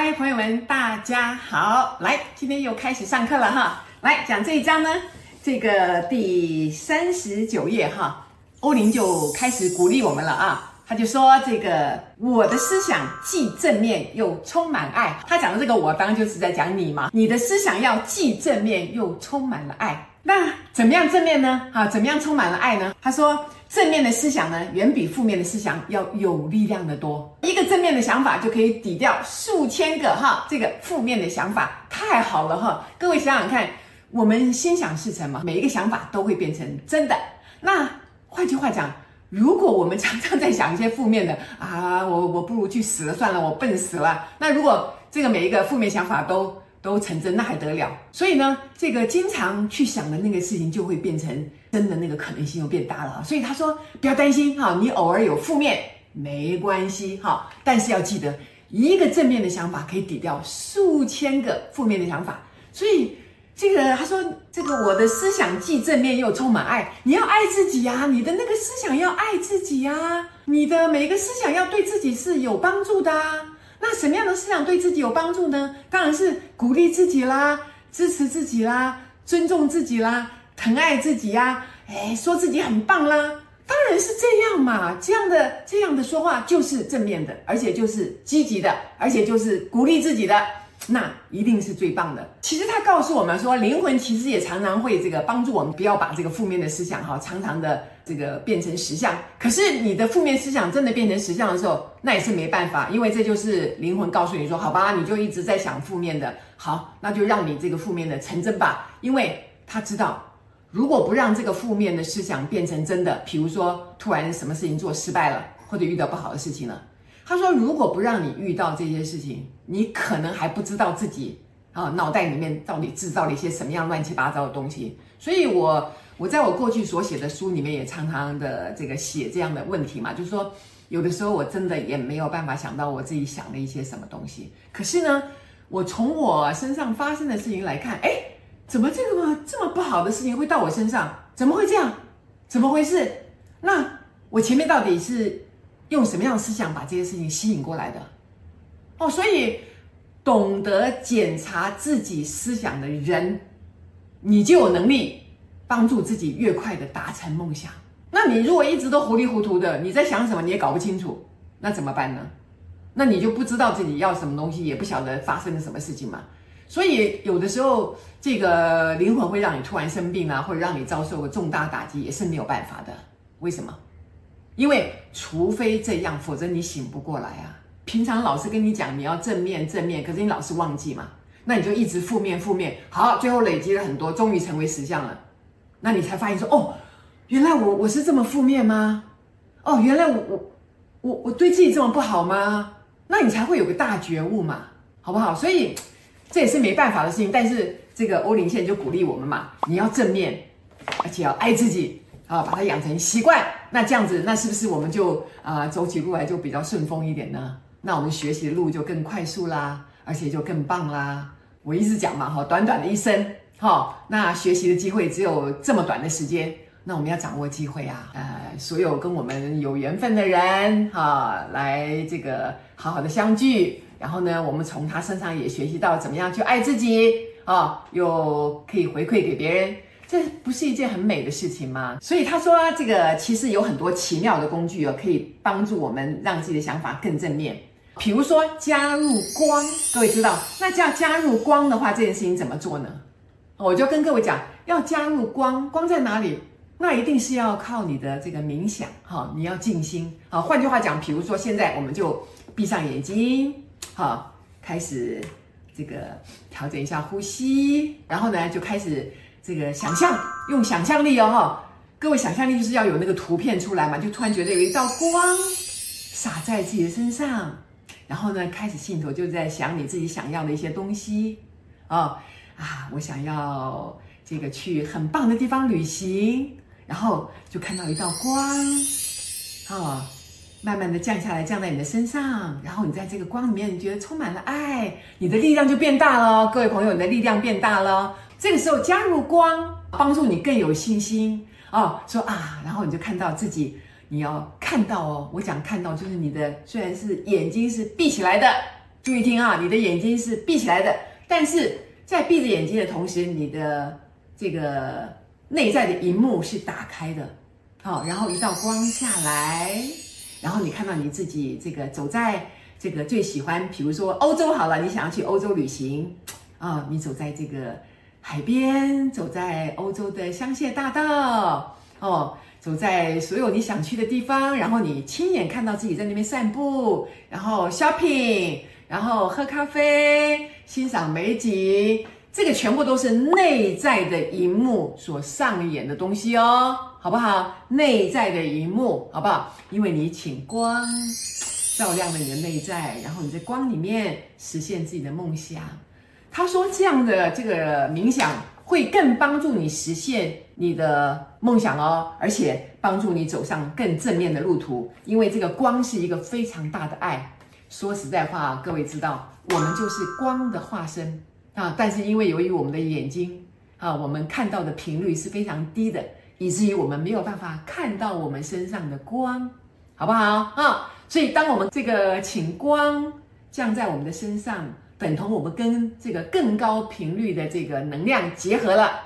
嗨，Hi, 朋友們，大家好！來，今天又開始上課了哈。來講這一章呢，這個第三十九頁哈，歐林就開始鼓勵我們了啊。他就說：“這個我的思想既正面又充滿愛。”他講的這個我，當然就是在講你嘛。你的思想要既正面又充滿了愛。那怎麼樣正面呢？哈、啊，怎麼樣充滿了愛呢？他說，正面的思想呢，遠比負面的思想要有力量的多。一個正面的想法就可以抵掉數千個哈，這個負面的想法太好了哈。各位想想看，我們心想事成嘛，每一個想法都會變成真的。那換句話講，如果我們常常在想一些負面的啊，我我不如去死了算了，我笨死了。那如果這個每一個負面想法都都成真，那還得了？所以呢，這個經常去想的那個事情，就會變成真的那個可能性又變大了。所以他說，不要擔心哈，你偶爾有負面沒關係哈，但是要記得，一個正面的想法可以抵掉數千個負面的想法。所以這個他說，這個我的思想既正面又充滿愛，你要愛自己呀、啊，你的那個思想要愛自己呀、啊，你的每一個思想要對自己是有幫助的啊。那什麼樣的思想對自己有幫助呢？當然是。鼓勵自己啦，支持自己啦，尊重自己啦，疼愛自己呀、啊，哎，說自己很棒啦，當然是這樣嘛。這樣的這樣的說話就是正面的，而且就是積極的，而且就是鼓勵自己的，那一定是最棒的。其實他告訴我們說，靈魂其實也常常會這個幫助我們，不要把這個負面的思想哈，常常的。這個變成實相，可是你的負面思想真的變成實相的時候，那也是沒辦法，因為這就是靈魂告訴你說，好吧，你就一直在想負面的，好，那就讓你這個負面的成真吧，因為他知道，如果不讓這個負面的思想變成真的，比如說突然什麼事情做失敗了，或者遇到不好的事情了，他說如果不讓你遇到這些事情，你可能還不知道自己啊腦袋裡面到底制造了一些什麼樣亂七八糟的東西。所以我，我我在我過去所寫的書裡面也常常的這個寫這樣的問題嘛，就是說，有的時候我真的也沒有辦法想到我自己想了一些什麼東西。可是呢，我從我身上發生的事情來看，哎、欸，怎麼這個這麼不好的事情會到我身上？怎麼會這樣？怎麼回事？那我前面到底是用什麼樣的思想把這些事情吸引過來的？哦，所以懂得檢查自己思想的人，你就有能力幫助自己越快地達成夢想。那你如果一直都糊里糊塗的，你在想什麼，你也搞不清楚，那怎麼辦呢？那你就不知道自己要什麼東西，也不曉得發生了什麼事情嘛。所以有的時候，這個靈魂會讓你突然生病啊，或者讓你遭受重大打擊，也是沒有辦法的。為什麼？因為除非這樣，否則你醒不過來啊。平常老師跟你講，你要正面正面，可是你老是忘記嘛。那你就一直負面負面，好，最後累積了很多，終於成為實相了。那你才發現說，哦，原來我我是這麼負面嗎？哦，原來我我我我對自己這麼不好嗎？那你才會有個大覺悟嘛，好不好？所以這也是沒辦法的事情。但是這個歐林現在就鼓勵我們嘛，你要正面，而且要愛自己啊，把它養成習慣。那這樣子，那是不是我們就啊、呃、走起路來就比較順風一點呢？那我們學習的路就更快速啦，而且就更棒啦。我一直講嘛，哈，短短的一生，哈，哦，那學習的機會只有這麼短的時間，那我們要掌握機會啊，呃，所有跟我們有緣分的人，啊，哦，來這個好好的相聚，然後呢，我們從他身上也學習到怎麼樣去愛自己，啊，哦，又可以回饋給別人，這不是一件很美的事情嗎？所以他說啊，這個其實有很多奇妙的工具哦，可以幫助我們讓自己的想法更正面。比如說加入光，各位知道，那要加入光的話，這件事情怎麼做呢？我就跟各位講，要加入光，光在哪裡？那一定是要靠你的這個冥想，哈、哦，你要靜心，啊、哦，換句話講，比如說現在我們就閉上眼睛，哈、哦，開始這個調整一下呼吸，然後呢就開始這個想象，用想象力哦，哈、哦，各位想象力就是要有那個圖片出來嘛，就突然覺得有一道光灑在自己的身上。然後呢，開始心頭就在想你自己想要的一些東西，哦，啊，我想要這個去很棒的地方旅行，然後就看到一道光，啊、哦，慢慢的降下來，降在你的身上，然後你在這個光裡面，你覺得充滿了愛，你的力量就變大了，各位朋友，你的力量變大了，這個時候加入光，幫助你更有信心，哦，說啊，然後你就看到自己。你要看到哦，我想看到就是你的，雖然是眼睛是閉起來的，注意聽啊，你的眼睛是閉起來的，但是在閉着眼睛的同時，你的這個內在的熒幕是打開的，好、哦，然後一道光下來，然後你看到你自己這個走在這個最喜歡，比如說歐洲好了，你想要去歐洲旅行啊、哦，你走在這個海邊，走在歐洲的香榭大道哦。走在所有你想去的地方，然後你親眼看到自己在那邊散步，然後 shopping，然後喝咖啡，欣賞美景，這個全部都是內在的熒幕所上演的東西哦，好不好？內在的熒幕，好不好？因為你請光照亮了你的內在，然後你在光裡面實現自己的夢想。他說，這樣的這個冥想會更幫助你實現。你的夢想哦，而且幫助你走上更正面的路途，因為這個光是一個非常大的愛。說實在話，各位知道，我們就是光的化身啊。但是因為由於我們的眼睛啊，我們看到的頻率是非常低的，以至於我們沒有辦法看到我們身上的光，好不好啊？所以當我們這個請光降在我們的身上，等同我們跟這個更高頻率的這個能量結合了。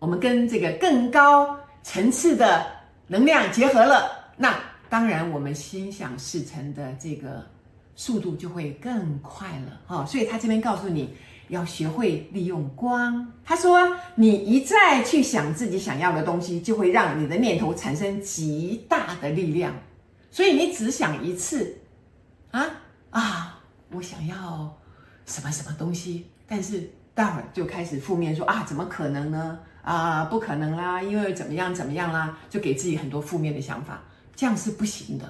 我們跟這個更高層次的能量結合了，那當然我們心想事成的這個速度就會更快了。哦，所以他這邊告訴你要學會利用光。他說，你一再去想自己想要的東西，就會讓你的念頭產生極大的力量。所以你只想一次，啊啊，我想要什麼什麼東西，但是待會就開始負面說啊，怎麼可能呢？啊，不可能啦、啊！因為怎麼樣怎麼樣啦、啊，就給自己很多負面的想法，這樣是不行的。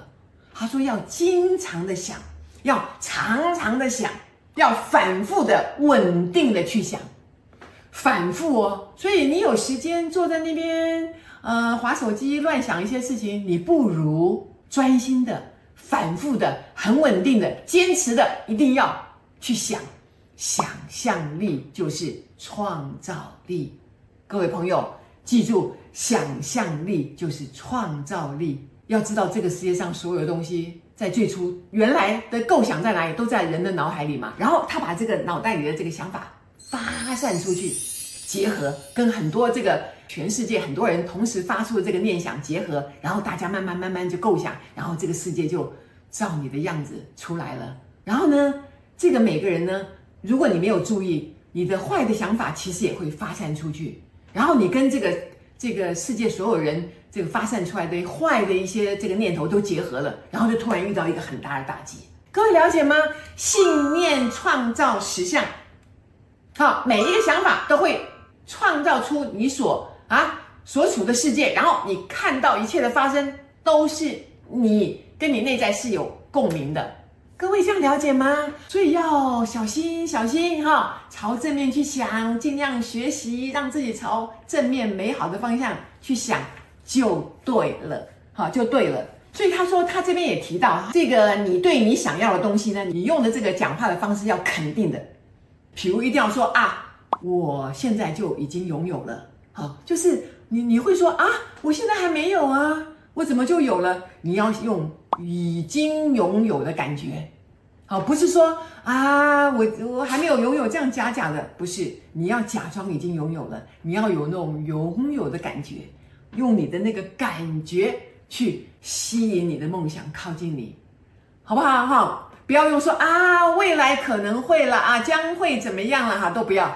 他說要經常的想，要常常的想，要反復的穩定的去想，反復哦。所以你有時間坐在那邊，呃，滑手機亂想一些事情，你不如專心的、反復的、很穩定的、堅持的一定要去想。想象力就是創造力。各位朋友，記住，想象力就是創造力。要知道，這個世界上所有的東西，在最初原來的構想在哪裡，都在人的腦海裡嘛。然後他把這個腦袋裡的這個想法發散出去，結合跟很多這個全世界很多人同時發出的這個念想結合，然後大家慢慢慢慢就構想，然後這個世界就照你的樣子出來了。然後呢，這個每個人呢，如果你沒有注意，你的壞的想法其實也會發散出去。然後你跟這個這個世界所有人這個發散出來的壞的一些這個念頭都結合了，然後就突然遇到一個很大的打擊。各位了解嗎？信念創造實相。好，每一個想法都會創造出你所啊所處的世界。然後你看到一切的發生，都是你跟你內在是有共鳴的。各位這樣了解嗎？所以要小心小心哈、哦，朝正面去想，盡量學習，讓自己朝正面美好的方向去想就對了，好、哦、就對了。所以他說他這邊也提到這個，你對你想要的東西呢，你用的這個講話的方式要肯定的，譬如一定要說啊，我現在就已經擁有了，好、哦，就是你你會說啊，我現在還沒有啊，我怎麼就有了？你要用。已經擁有的感覺，好，不是說啊，我我還沒有擁有這樣假假的，不是，你要假裝已經擁有了，你要有那種擁有的感覺，用你的那個感覺去吸引你的夢想靠近你，好不好哈？不要用說啊，未來可能會了啊，將會怎麼樣了哈，都不要。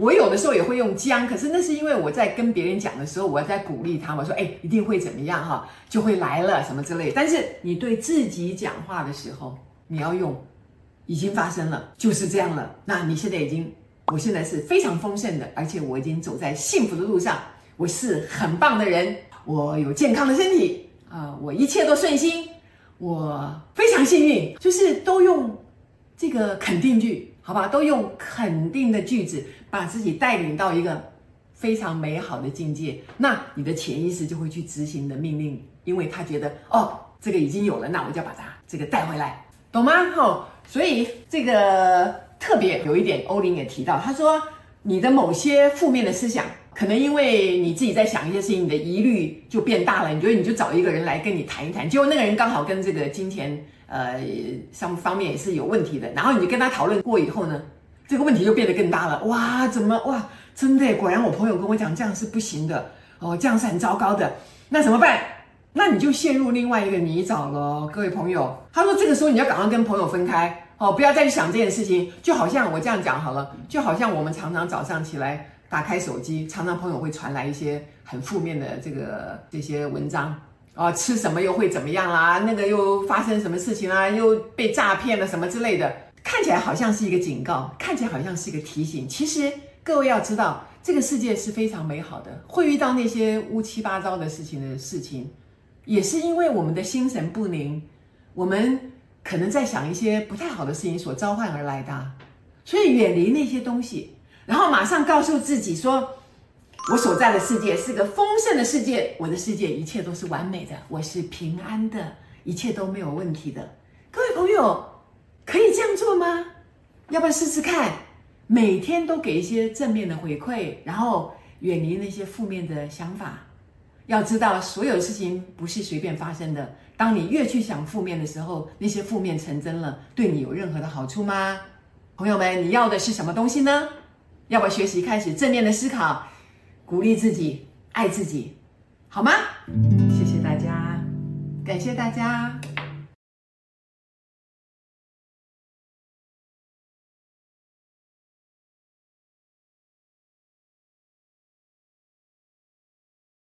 我有的時候也會用將，可是那是因為我在跟別人講的時候，我在鼓勵他們我說哎，一定會怎麼樣哈、啊，就會來了什麼之類。但是你對自己講話的時候，你要用已經發生了，就是這樣了。那你現在已經，我現在是非常豐盛的，而且我已經走在幸福的路上。我是很棒的人，我有健康的身體啊，我一切都順心，我非常幸運，就是都用這個肯定句。好吧，都用肯定的句子，把自己帶領到一個非常美好的境界，那你的潛意識就會去執行的命令，因為他覺得哦，這個已經有了，那我就把它這個帶回來，懂嗎？吼、哦，所以這個特別有一點歐林也提到，他說，你的某些負面的思想，可能因為你自己在想一些事情，你的疑慮就變大了，你覺得你就找一個人來跟你談一談，結果那個人剛好跟這個金錢。呃，上方面也是有問題的。然後你跟他討論過以後呢，這個問題就變得更大了。哇，怎麼哇？真的，果然我朋友跟我講，這樣是不行的哦，這樣是很糟糕的。那怎麼辦？那你就陷入另外一個泥沼了，各位朋友。他說這個時候你要趕快跟朋友分開哦，不要再去想這件事情。就好像我這樣講好了，就好像我們常常早上起來打開手機，常常朋友會傳來一些很負面的這個這些文章。哦，吃什麼又會怎麼樣啦、啊？那個又發生什麼事情啊？又被詐騙了什麼之類的。看起來好像是一個警告，看起來好像是一個提醒。其實各位要知道，這個世界是非常美好的，會遇到那些烏七八糟的事情的事情，也是因為我們的心神不寧，我們可能在想一些不太好的事情所召喚而來的、啊。所以遠離那些東西，然後馬上告訴自己說。我所在的世界是個豐盛的世界，我的世界一切都是完美的，我是平安的，一切都沒有問題的。各位朋友，可以這樣做嗎？要不要試試看？每天都給一些正面的回饋，然後遠離那些負面的想法。要知道，所有事情不是隨便發生的。當你越去想負面的時候，那些負面成真了，對你有任何的好處嗎？朋友們，你要的是什麼東西呢？要不要學習開始正面的思考？鼓勵自己，愛自己，好嗎？謝謝大家，感謝大家。